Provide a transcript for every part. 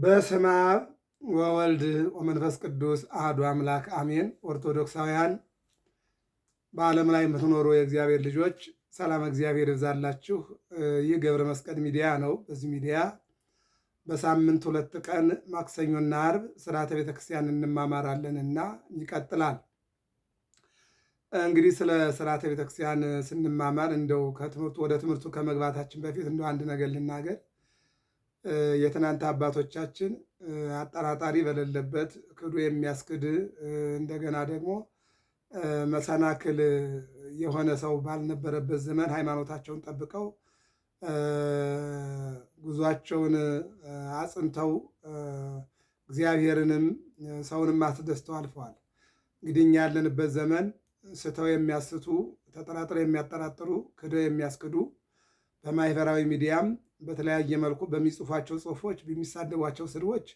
በስመ አብ ወወልድ ወመንፈስ ቅዱስ አሐዱ አምላክ አሜን። ኦርቶዶክሳውያን በዓለም ላይ የምትኖሩ የእግዚአብሔር ልጆች ሰላም እግዚአብሔር ይብዛላችሁ። ይህ ገብረ መስቀል ሚዲያ ነው። በዚህ ሚዲያ በሳምንት ሁለት ቀን ማክሰኞና አርብ ስርዓተ ቤተክርስቲያን እና ይቀጥላል። እንግዲህ ስለ ስርዓተ ቤተክርስቲያን ስንማማር እንደው ከትምህርቱ ወደ ትምህርቱ ከመግባታችን በፊት እንደው አንድ ነገር ልናገር። የትናንት አባቶቻችን አጠራጣሪ በሌለበት ክዱ የሚያስክድ እንደገና ደግሞ መሰናክል የሆነ ሰው ባልነበረበት ዘመን ሃይማኖታቸውን ጠብቀው ጉዟቸውን አጽንተው እግዚአብሔርንም ሰውንም አስደስተው አልፈዋል። እንግዲህ እኛ ያለንበት ዘመን ስተው የሚያስቱ ተጠራጥረው የሚያጠራጥሩ ክደው የሚያስክዱ በማህበራዊ ሚዲያም በተለያየ መልኩ በሚጽፏቸው ጽሁፎች በሚሳደቧቸው ስድቦች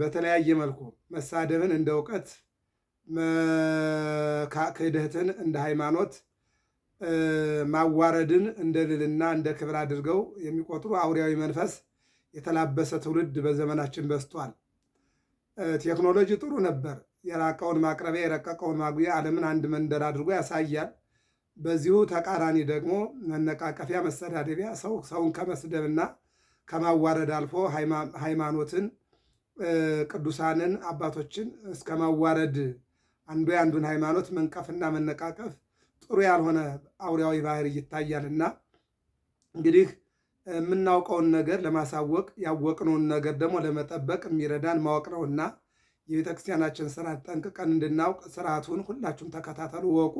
በተለያየ መልኩ መሳደብን እንደ እውቀት ክህደትን እንደ ሃይማኖት ማዋረድን እንደ ልልና እንደ ክብር አድርገው የሚቆጥሩ አውሪያዊ መንፈስ የተላበሰ ትውልድ በዘመናችን በዝቷል። ቴክኖሎጂ ጥሩ ነበር። የራቀውን ማቅረቢያ የረቀቀውን ማጉያ ዓለምን አንድ መንደር አድርጎ ያሳያል። በዚሁ ተቃራኒ ደግሞ መነቃቀፊያ፣ መሰዳደቢያ ሰው ሰውን ከመስደብና ከማዋረድ አልፎ ሃይማኖትን፣ ቅዱሳንን፣ አባቶችን እስከ ማዋረድ አንዱ የአንዱን ሃይማኖት መንቀፍና መነቃቀፍ ጥሩ ያልሆነ አውሪያዊ ባህር ይታያልና እንግዲህ የምናውቀውን ነገር ለማሳወቅ ያወቅነውን ነገር ደግሞ ለመጠበቅ የሚረዳን ማወቅ ነውና የቤተክርስቲያናችን ስርዓት ጠንቅቀን እንድናውቅ ስርዓቱን ሁላችሁም ተከታተሉ፣ ወቁ።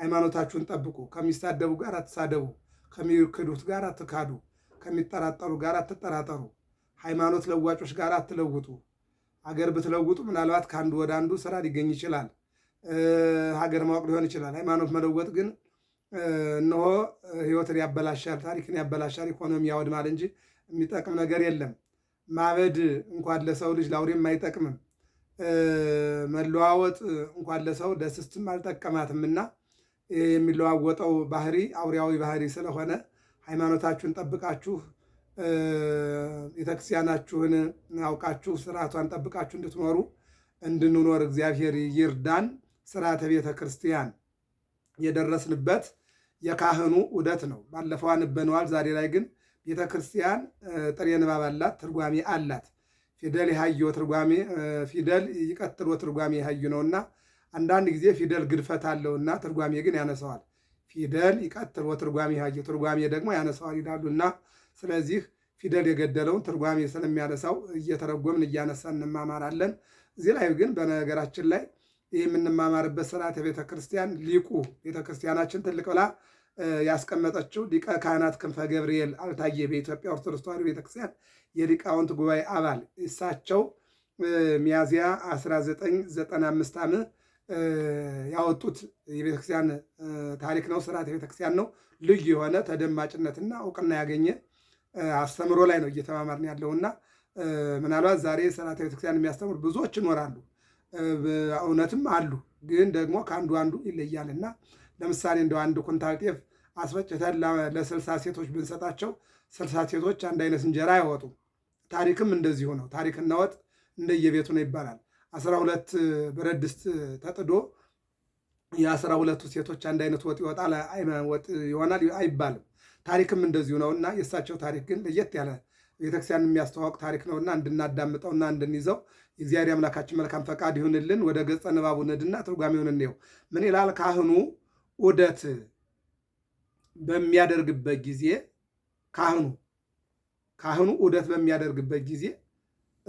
ሃይማኖታችሁን ጠብቁ። ከሚሳደቡ ጋር አትሳደቡ። ከሚክዱት ጋር አትካዱ። ከሚጠራጠሩ ጋር አትጠራጠሩ። ሃይማኖት ለዋጮች ጋር አትለውጡ። ሀገር ብትለውጡ ምናልባት ከአንዱ ወደ አንዱ ስራ ሊገኝ ይችላል። ሀገር ማወቅ ሊሆን ይችላል። ሃይማኖት መለወጥ ግን እነሆ ህይወትን ያበላሻል፣ ታሪክን ያበላሻል፣ ኢኮኖሚ ያወድማል እንጂ የሚጠቅም ነገር የለም። ማበድ እንኳን ለሰው ልጅ ለአውሬም አይጠቅምም። መለዋወጥ እንኳን ለሰው ለስስትም አልጠቀማትምና የሚለዋወጠው ባህሪ አውሪያዊ ባህሪ ስለሆነ ሃይማኖታችሁን ጠብቃችሁ ቤተክርስቲያናችሁን አውቃችሁ ስርዓቷን ጠብቃችሁ እንድትኖሩ እንድንኖር እግዚአብሔር ይርዳን። ስርዓተ ቤተ ክርስቲያን የደረስንበት የካህኑ ውደት ነው። ባለፈው አንበነዋል። ዛሬ ላይ ግን ቤተ ክርስቲያን ጥሬ ንባብ አላት፣ ትርጓሜ አላት። ፊደል የሃዮ ትርጓሜ ፊደል ይቀጥሎ ትርጓሜ የሃዩ ነውና አንዳንድ ጊዜ ፊደል ግድፈት አለውና ትርጓሜ ግን ያነሰዋል። ፊደል ይቀጥል ወትርጓሜ ሀጅ ትርጓሜ ደግሞ ያነሰዋል እና ስለዚህ ፊደል የገደለውን ትርጓሜ ስለሚያነሳው እየተረጎምን እያነሳን እንማማራለን። እዚህ ላይ ግን በነገራችን ላይ ይህ የምንማማርበት ስርዓት የቤተ ሊቁ ቤተክርስቲያናችን ትልቅ ብላ ያስቀመጠችው ሊቀ ካህናት ክንፈ ገብርኤል አልታየ በኢትዮጵያ ኦርቶዶክስ ተዋሕዶ ቤተክርስቲያን የሊቃውንት ጉባኤ አባል እሳቸው ሚያዝያ 1995 ዓም ያወጡት የቤተክርስቲያን ታሪክ ነው፣ ስርዓት ቤተክርስቲያን ነው። ልዩ የሆነ ተደማጭነትና እውቅና ያገኘ አስተምሮ ላይ ነው እየተማማርን ያለውና ምናልባት ዛሬ ስርዓት ቤተክርስቲያን የሚያስተምሩ ብዙዎች ይኖራሉ፣ እውነትም አሉ። ግን ደግሞ ከአንዱ አንዱ ይለያል እና ለምሳሌ እንደ አንድ ኩንታል ጤፍ አስፈጭተን ለስልሳ ሴቶች ብንሰጣቸው ስልሳ ሴቶች አንድ አይነት እንጀራ አይወጡም። ታሪክም እንደዚሁ ነው። ታሪክና ወጥ እንደየቤቱ ነው ይባላል። አስራ ሁለት ብረት ድስት ተጥዶ የአስራ ሁለቱ ሴቶች አንድ አይነት ወጥ ይወጣል ወጥ ይሆናል አይባልም። ታሪክም እንደዚሁ ነው እና የእሳቸው ታሪክ ግን ለየት ያለ ቤተክርስቲያን የሚያስተዋውቅ ታሪክ ነውና እንድናዳምጠውና እንድንይዘው እግዚአብሔር አምላካችን መልካም ፈቃድ ይሁንልን። ወደ ገጸ ንባቡ ንድና ትርጓሜውን እንየው። ምን ይላል? ካህኑ ዑደት በሚያደርግበት ጊዜ ካህኑ ካህኑ ዑደት በሚያደርግበት ጊዜ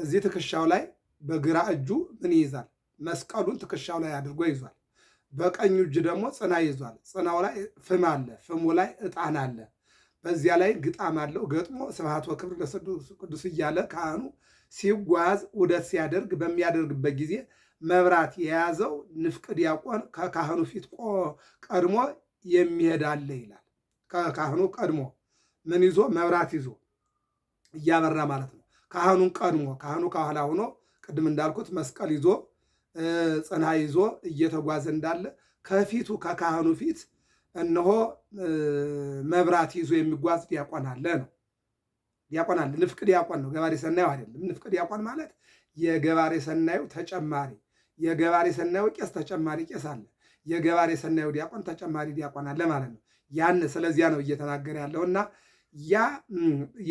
እዚህ ትከሻው ላይ በግራ እጁ ምን ይይዛል? መስቀሉን ትከሻው ላይ አድርጎ ይዟል። በቀኝ እጁ ደግሞ ጽና ይዟል። ጽናው ላይ ፍም አለ። ፍሙ ላይ እጣን አለ። በዚያ ላይ ግጣም አለው ገጥሞ ስብሐት ወክብር ለሰዱስ ቅዱስ እያለ ካህኑ ሲጓዝ ውደት ሲያደርግ በሚያደርግበት ጊዜ መብራት የያዘው ንፍቅ ዲያቆን ከካህኑ ፊት ቀድሞ የሚሄድ አለ ይላል። ከካህኑ ቀድሞ ምን ይዞ መብራት ይዞ እያበራ ማለት ነው። ካህኑን ቀድሞ ካህኑ ከኋላ ሆኖ ቅድም እንዳልኩት መስቀል ይዞ ጽና ይዞ እየተጓዘ እንዳለ ከፊቱ ከካህኑ ፊት እነሆ መብራት ይዞ የሚጓዝ ዲያቆን አለ ነው። ዲያቆን አለ። ንፍቅ ዲያቆን ነው፣ ገባሬ ሰናዩ አይደለም። ንፍቅ ዲያቆን ማለት የገባሬ ሰናዩ ተጨማሪ፣ የገባሬ ሰናዩ ቄስ ተጨማሪ ቄስ አለ፣ የገባሬ ሰናዩ ዲያቆን ተጨማሪ ዲያቆን አለ ማለት ነው። ያን ስለዚያ ነው እየተናገረ ያለው እና ያ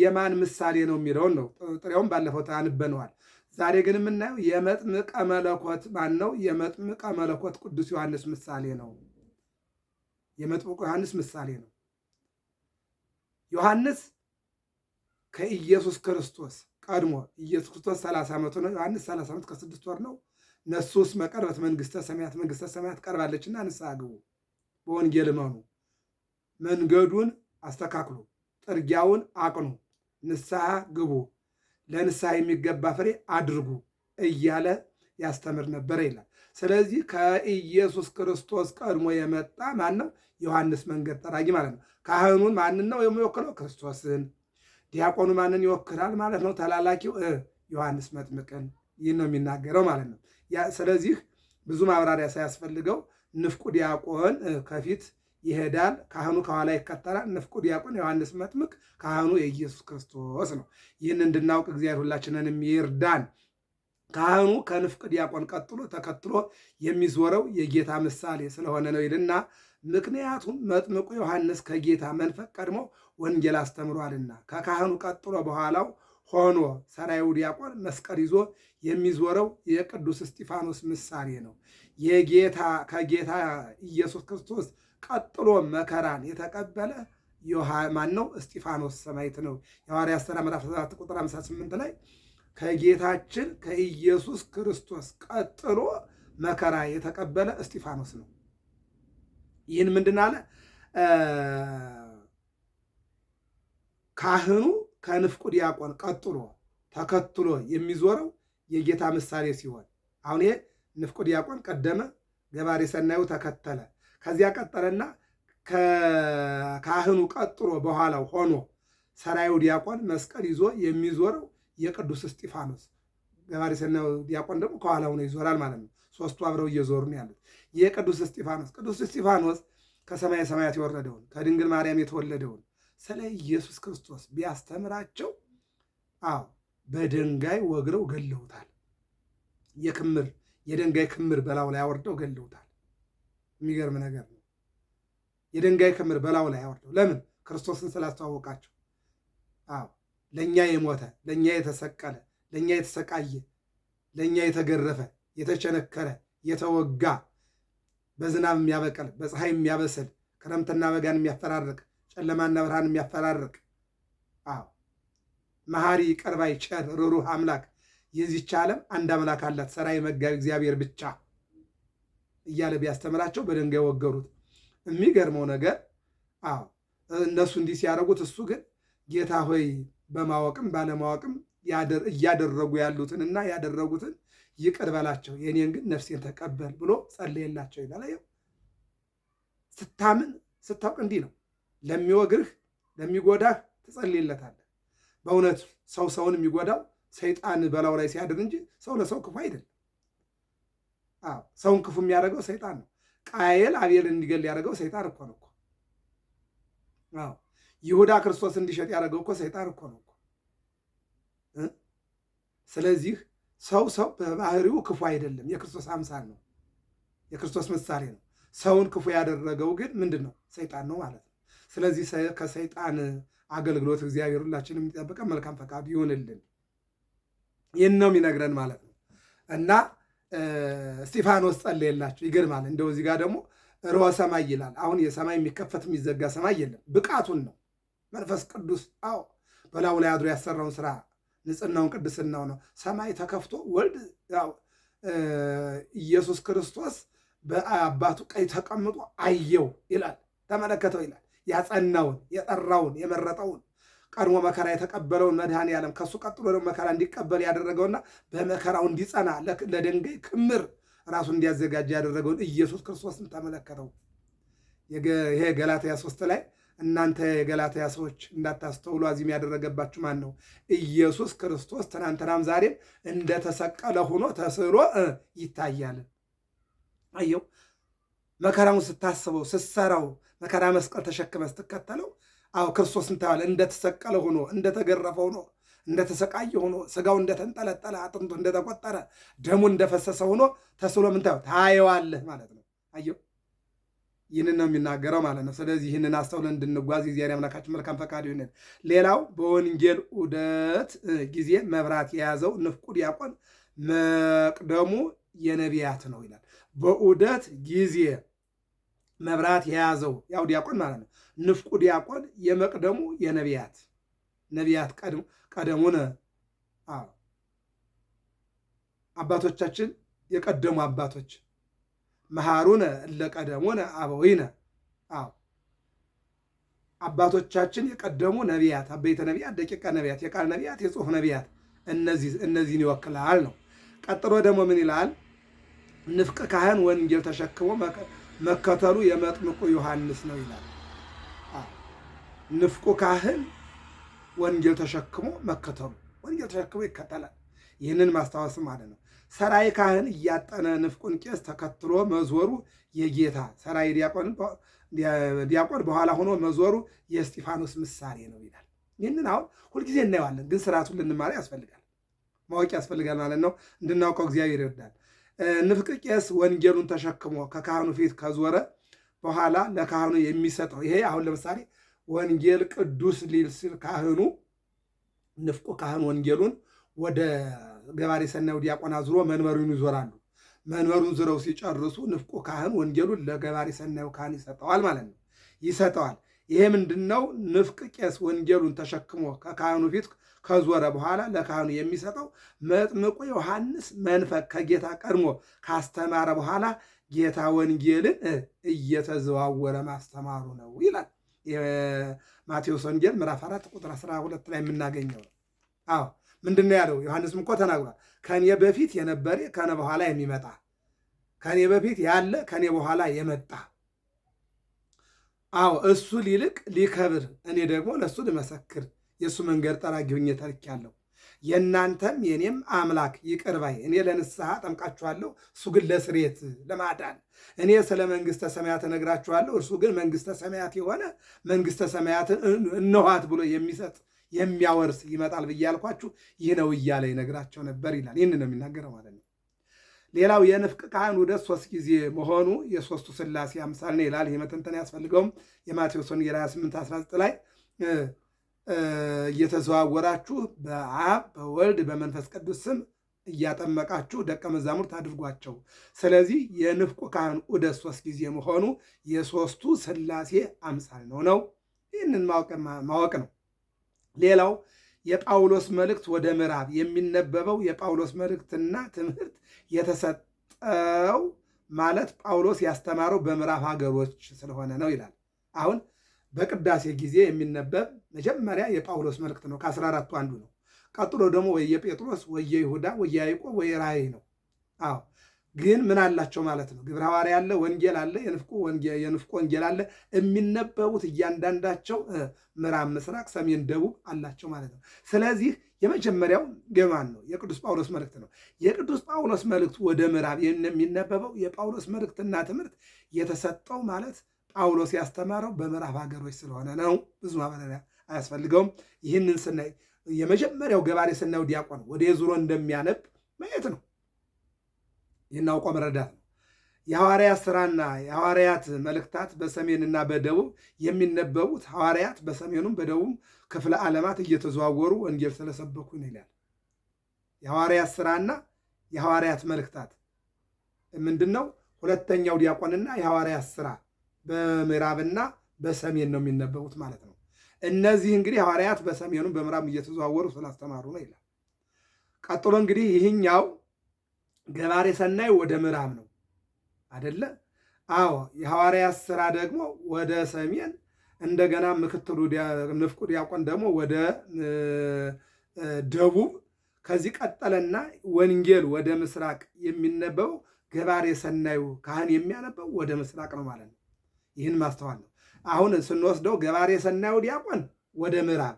የማን ምሳሌ ነው የሚለውን ነው። ጥሬውም ባለፈው አንበነዋል። ዛሬ ግን የምናየው የመጥምቀ መለኮት ማን ነው? የመጥምቀ መለኮት ቅዱስ ዮሐንስ ምሳሌ ነው። የመጥምቁ ዮሐንስ ምሳሌ ነው። ዮሐንስ ከኢየሱስ ክርስቶስ ቀድሞ ኢየሱስ ክርስቶስ 30 ዓመቱ ነው። ዮሐንስ 30 ዓመት ከስድስት ወር ነው። ነሱስ መቀርበት መንግስተ ሰማያት መንግስተ ሰማያት ቀርባለችና ንስሐ ግቡ፣ በወንጌል እመኑ፣ መንገዱን አስተካክሉ፣ ጥርጊያውን አቅኑ፣ ንስሐ ግቡ ለንስሐ የሚገባ ፍሬ አድርጉ እያለ ያስተምር ነበረ ይላል። ስለዚህ ከኢየሱስ ክርስቶስ ቀድሞ የመጣ ማን ነው? ዮሐንስ መንገድ ጠራጊ ማለት ነው። ካህኑን ማንን ነው የሚወክለው? ክርስቶስን። ዲያቆኑ ማንን ይወክላል ማለት ነው? ተላላኪው ዮሐንስ መጥምቅን። ይህ ነው የሚናገረው ማለት ነው። ስለዚህ ብዙ ማብራሪያ ሳያስፈልገው ንፍቁ ዲያቆን ከፊት ይሄዳል። ካህኑ ከኋላ ይከተላል። ንፍቁ ዲያቆን ዮሐንስ መጥምቅ ካህኑ የኢየሱስ ክርስቶስ ነው። ይህን እንድናውቅ እግዚአብሔር ሁላችንንም ይርዳን። ካህኑ ከንፍቅ ዲያቆን ቀጥሎ ተከትሎ የሚዞረው የጌታ ምሳሌ ስለሆነ ነው ይልና ምክንያቱም መጥምቁ ዮሐንስ ከጌታ መንፈቅ ቀድሞ ወንጌል አስተምሯልና ከካህኑ ቀጥሎ በኋላው ሆኖ ሰራዩ ዲያቆን መስቀል ይዞ የሚዞረው የቅዱስ እስጢፋኖስ ምሳሌ ነው። የጌታ ከጌታ ኢየሱስ ክርስቶስ ቀጥሎ መከራን የተቀበለ ማን ነው? እስጢፋኖስ ሰማዕት ነው። የሐዋርያት ሥራ ምዕራፍ 7 ቁጥር 58 ላይ ከጌታችን ከኢየሱስ ክርስቶስ ቀጥሎ መከራ የተቀበለ እስጢፋኖስ ነው። ይህን ምንድን አለ ካህኑ ከንፍቁ ዲያቆን ቀጥሎ ተከትሎ የሚዞረው የጌታ ምሳሌ ሲሆን አሁን ይሄ ንፍቁ ዲያቆን ቀደመ፣ ገባሬ ሰናዩ ተከተለ ከዚያ ቀጠለና ከካህኑ ቀጥሮ በኋላው ሆኖ ሰራዩ ዲያቆን መስቀል ይዞ የሚዞረው የቅዱስ እስጢፋኖስ ገባሬ ዲያቆን ደግሞ ከኋላ ሆኖ ይዞራል ማለት ነው። ሶስቱ አብረው እየዞሩ ነው ያሉት። የቅዱስ እስጢፋኖስ ቅዱስ እስጢፋኖስ ከሰማይ ሰማያት የወረደውን ከድንግል ማርያም የተወለደውን ስለ ኢየሱስ ክርስቶስ ቢያስተምራቸው፣ አዎ በድንጋይ ወግረው ገለውታል። የክምር የድንጋይ ክምር በላው ላይ አወርደው ገለውታል። የሚገርም ነገር ነው። የድንጋይ ክምር በላዩ ላይ አወርደው። ለምን? ክርስቶስን ስላስተዋወቃቸው። አዎ ለእኛ የሞተ ለእኛ የተሰቀለ ለእኛ የተሰቃየ ለእኛ የተገረፈ የተቸነከረ የተወጋ በዝናብ የሚያበቅል በፀሐይ የሚያበስል ክረምትና በጋን የሚያፈራርቅ ጨለማና ብርሃን የሚያፈራርቅ አዎ መሐሪ ቀርባይ ቸር ርሩህ አምላክ የዚች ዓለም አንድ አምላክ አላት ሰራይ መጋቢ እግዚአብሔር ብቻ እያለ ቢያስተምራቸው በድንጋይ ወገሩት። የሚገርመው ነገር አዎ እነሱ እንዲህ ሲያደርጉት፣ እሱ ግን ጌታ ሆይ በማወቅም ባለማወቅም እያደረጉ ያሉትንና ያደረጉትን ይቅር በላቸው የኔን ግን ነፍሴን ተቀበል ብሎ ጸልየላቸው ይላል። ስታምን ስታውቅ እንዲህ ነው። ለሚወግርህ ለሚጎዳህ ትጸልይለታለህ። በእውነት ሰው ሰውን የሚጎዳው ሰይጣን በላው ላይ ሲያድር እንጂ ሰው ለሰው ክፉ አይደለም። ሰውን ክፉ የሚያደርገው ሰይጣን ነው። ቃየል አቤል እንዲገል ያደረገው ሰይጣን እኮ ነው። አዎ ይሁዳ ክርስቶስ እንዲሸጥ ያደረገው እኮ ሰይጣን እኮ ነው። ስለዚህ ሰው ሰው በባህሪው ክፉ አይደለም፣ የክርስቶስ አምሳል ነው፣ የክርስቶስ ምሳሌ ነው። ሰውን ክፉ ያደረገው ግን ምንድን ነው? ሰይጣን ነው ማለት ነው። ስለዚህ ከሰይጣን አገልግሎት እግዚአብሔር ሁላችን የሚጠብቀን መልካም ፈቃድ ይሆንልን። ይህን ነው የሚነግረን ማለት ነው እና እስጢፋኖስ ጸለየላቸው። ይገርማል። እንደው እዚህ ጋር ደግሞ ርኅወ ሰማይ ይላል። አሁን የሰማይ የሚከፈት የሚዘጋ ሰማይ የለም። ብቃቱን ነው መንፈስ ቅዱስ አዎ በላዩ ላይ አድሮ ያሰራውን ስራ ንጽህናውን፣ ቅድስናው ነው። ሰማይ ተከፍቶ ወልድ ኢየሱስ ክርስቶስ በአባቱ ቀኝ ተቀምጦ አየው ይላል፣ ተመለከተው ይላል። ያጸናውን፣ የጠራውን፣ የመረጠውን ቀድሞ መከራ የተቀበለውን መድኃኔ ዓለም ከእሱ ቀጥሎ ደግሞ መከራ እንዲቀበል ያደረገውና በመከራው እንዲጸና ለድንጋይ ክምር ራሱ እንዲያዘጋጅ ያደረገውን ኢየሱስ ክርስቶስን ተመለከተው። ይሄ ገላትያ ሶስት ላይ እናንተ የገላትያ ሰዎች እንዳታስተውሉ አዚም ያደረገባችሁ ማን ነው? ኢየሱስ ክርስቶስ ትናንትናም ዛሬም እንደተሰቀለ ሆኖ ተስሎ ይታያል። አየው መከራውን ስታስበው ስትሰራው፣ መከራ መስቀል ተሸክመ ስትከተለው አዎ ክርስቶስ እንታያለን እንደተሰቀለ ሆኖ እንደተገረፈ ሆኖ እንደተሰቃየ ሆኖ ስጋው እንደተንጠለጠለ አጥንቱ እንደተቆጠረ ደሙ እንደፈሰሰ ሆኖ ተስሎ ምን ታየዋለህ ማለት ነው። አየው ይህንን ነው የሚናገረው ማለት ነው። ስለዚህ ይህንን አስተውለን እንድንጓዝ እግዚአብሔር አምላካችን መልካም ፈቃድ ይሁንልን። ሌላው በወንጌል ዑደት ጊዜ መብራት የያዘው ንፍቁ ዲያቆን መቅደሙ የነቢያት ነው ይላል። በዑደት ጊዜ መብራት የያዘው ያው ዲያቆን ማለት ነው። ንፍቁ ዲያቆን የመቅደሙ የነቢያት ነቢያት ቀደሙነ አባቶቻችን የቀደሙ አባቶች መሃሩነ እለቀደሙነ አበዊነ አዎ አባቶቻችን የቀደሙ ነቢያት አበይተ ነቢያት፣ ደቂቀ ነቢያት፣ የቃል ነቢያት፣ የጽሑፍ ነቢያት እነዚህን ይወክላል ነው። ቀጥሎ ደግሞ ምን ይላል? ንፍቀ ካህን ወንጌል ተሸክሞ መከተሉ የመጥምቁ ዮሐንስ ነው ይላል። ንፍቁ ካህን ወንጌል ተሸክሞ መከተሉ ወንጌል ተሸክሞ ይከተላል። ይህንን ማስታወስ ማለት ነው። ሰራይ ካህን እያጠነ ንፍቁን ቄስ ተከትሎ መዞሩ የጌታ ሰራይ ዲያቆን በኋላ ሆኖ መዞሩ የእስጢፋኖስ ምሳሌ ነው ይላል። ይህንን አሁን ሁልጊዜ እናየዋለን፣ ግን ስርዓቱን ልንማር ያስፈልጋል፣ ማወቅ ያስፈልጋል ማለት ነው። እንድናውቀው እግዚአብሔር ይረዳል። ንፍቅ ቄስ ወንጌሉን ተሸክሞ ከካህኑ ፊት ከዞረ በኋላ ለካህኑ የሚሰጠው ይሄ አሁን ለምሳሌ ወንጌል ቅዱስ ሊል ሲል ካህኑ ንፍቁ ካህን ወንጌሉን ወደ ገባሬ ሰናይ ዲያቆን አዙሮ መንበሩን ይዞራሉ። መንበሩን ዝረው ሲጨርሱ ንፍቁ ካህን ወንጌሉን ለገባሪ ሰናዩ ካህን ይሰጠዋል ማለት ነው። ይሰጠዋል። ይሄ ምንድን ነው? ንፍቅ ቄስ ወንጌሉን ተሸክሞ ከካህኑ ፊት ከዞረ በኋላ ለካህኑ የሚሰጠው መጥምቁ ዮሐንስ መንፈቅ ከጌታ ቀድሞ ካስተማረ በኋላ ጌታ ወንጌልን እየተዘዋወረ ማስተማሩ ነው ይላል። ማቴዎስ ወንጌል ምዕራፍ አራት ቁጥር 12 ላይ የምናገኘው ነው። አዎ ምንድን ነው ያለው? ዮሐንስም እኮ ተናግሯል። ከኔ በፊት የነበረ ከኔ በኋላ የሚመጣ ከኔ በፊት ያለ ከኔ በኋላ የመጣ አዎ እሱ ሊልቅ ሊከብር፣ እኔ ደግሞ ለእሱ ልመሰክር የእሱ መንገድ ጠራጊ ሁኜ ተልኬያለሁ። የእናንተም የእኔም አምላክ ይቅር ባይ እኔ ለንስሐ ጠምቃችኋለሁ፣ እሱ ግን ለስሬት ለማዳን። እኔ ስለ መንግስተ ሰማያት እነግራችኋለሁ፣ እርሱ ግን መንግስተ ሰማያት የሆነ መንግስተ ሰማያትን እነኋት ብሎ የሚሰጥ የሚያወርስ ይመጣል ብዬ ያልኳችሁ ይህ ነው እያለ ይነግራቸው ነበር ይላል። ይህን ነው የሚናገረው ማለት ነው። ሌላው የንፍቅ ካህን ወደ ሶስት ጊዜ መሆኑ የሶስቱ ስላሴ አምሳል ነው ይላል። ይህ መተንተን ያስፈልገውም የማቴዎስ ወንጌል 28 19 ላይ እየተዘዋወራችሁ በአብ በወልድ በመንፈስ ቅዱስ ስም እያጠመቃችሁ ደቀ መዛሙርት አድርጓቸው። ስለዚህ የንፍቁ ካህን ዑደት ሶስት ጊዜ መሆኑ የሶስቱ ስላሴ አምሳል ነው ነው ይህንን ማወቅ ነው። ሌላው የጳውሎስ መልእክት ወደ ምዕራብ የሚነበበው የጳውሎስ መልእክትና ትምህርት የተሰጠው ማለት ጳውሎስ ያስተማረው በምዕራብ ሀገሮች ስለሆነ ነው ይላል አሁን በቅዳሴ ጊዜ የሚነበብ መጀመሪያ የጳውሎስ መልእክት ነው። ከአስራ አራቱ አንዱ ነው። ቀጥሎ ደግሞ ወየ ጴጥሮስ ወየ ይሁዳ ወየ ያዕቆብ ወየ ራእይ ነው። አዎ ግን ምን አላቸው ማለት ነው? ግብረ ሐዋርያ አለ፣ ወንጌል አለ፣ የንፍቆ ወንጌል አለ። የሚነበቡት እያንዳንዳቸው ምዕራብ፣ ምስራቅ፣ ሰሜን፣ ደቡብ አላቸው ማለት ነው። ስለዚህ የመጀመሪያው የማን ነው? የቅዱስ ጳውሎስ መልእክት ነው። የቅዱስ ጳውሎስ መልእክት ወደ ምዕራብ የሚነበበው የጳውሎስ መልእክትና ትምህርት የተሰጠው ማለት ጳውሎስ ያስተማረው በምዕራብ ሀገሮች ስለሆነ ነው። ብዙ ማብራሪያ አያስፈልገውም። ይህንን ስናይ የመጀመሪያው ገባሬ ስናየው ዲያቆን ወደ ዙሮ እንደሚያነብ ማየት ነው። ይህን አውቆ መረዳት ነው። የሐዋርያት ስራና የሐዋርያት መልእክታት በሰሜንና በደቡብ የሚነበቡት ሐዋርያት በሰሜኑም በደቡብ ክፍለ ዓለማት እየተዘዋወሩ ወንጌል ስለሰበኩ ነው ይላል። የሐዋርያት ስራና የሐዋርያት መልእክታት ምንድን ነው? ሁለተኛው ዲያቆንና የሐዋርያት ስራ በምዕራብና በሰሜን ነው የሚነበቡት ማለት ነው። እነዚህ እንግዲህ ሐዋርያት በሰሜኑም በምዕራብ እየተዘዋወሩ ስላስተማሩ ነው ይላል። ቀጥሎ እንግዲህ ይህኛው ገባሬ ሰናይ ወደ ምዕራብ ነው አደለ? አዎ። የሐዋርያት ስራ ደግሞ ወደ ሰሜን እንደገና ምክትሉ ንፍቁ ዲያቆን ደግሞ ወደ ደቡብ ከዚህ ቀጠለና ወንጌል ወደ ምስራቅ የሚነበበው ገባሬ ሰናዩ ካህን የሚያነበው ወደ ምስራቅ ነው ማለት ነው። ይህን ማስተዋል ነው። አሁን ስንወስደው ገባሬ ሰናዩ ዲያቆን ወደ ምዕራብ፣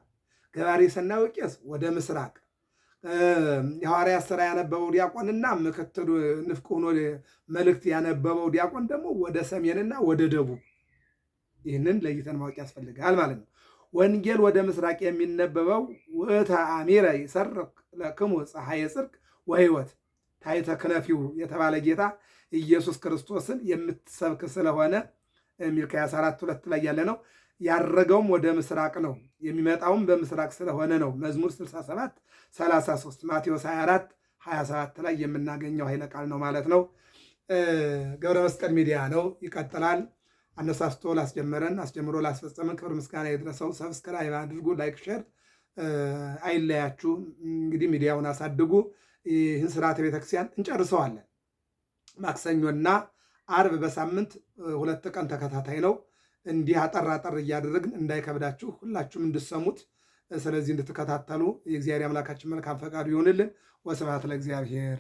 ገባሬ ሰናዩ ቄስ ወደ ምስራቅ፣ የሐዋርያት ሥራ ያነበበው ዲያቆንና ምክትሉ ንፍቅ ሆኖ መልእክት ያነበበው ዲያቆን ደግሞ ወደ ሰሜንና ወደ ደቡብ። ይህንን ለይተን ማወቅ ያስፈልጋል ማለት ነው። ወንጌል ወደ ምስራቅ የሚነበበው አሚረ ይሰርቅ ለክሙ ፀሐየ ጽድቅ ወሕይወት ታይተ ክነፊው የተባለ ጌታ ኢየሱስ ክርስቶስን የምትሰብክ ስለሆነ የሚል አራት ሁለት ላይ ያለ ነው። ያረገውም ወደ ምስራቅ ነው የሚመጣውም በምስራቅ ስለሆነ ነው። መዝሙር 67 33 ማቴዎስ 24 27 ላይ የምናገኘው ኃይለ ቃል ነው ማለት ነው። ገብረ መስቀል ሚዲያ ነው። ይቀጥላል። አነሳስቶ ላስጀመረን አስጀምሮ ላስፈጸመን ክብር ምስጋና የደረሰው ሰብስክራይብ አድርጉ፣ ላይክ፣ ሼር አይለያችሁ። እንግዲህ ሚዲያውን አሳድጉ። ይህን ስርዓተ ቤተክርስቲያን እንጨርሰዋለን ማክሰኞና አርብ በሳምንት ሁለት ቀን ተከታታይ ነው። እንዲህ አጠር አጠር እያደረግን እንዳይከብዳችሁ ሁላችሁም እንድሰሙት ስለዚህ እንድትከታተሉ የእግዚአብሔር አምላካችን መልካም ፈቃዱ ይሆንልን። ወስብሐት ለእግዚአብሔር።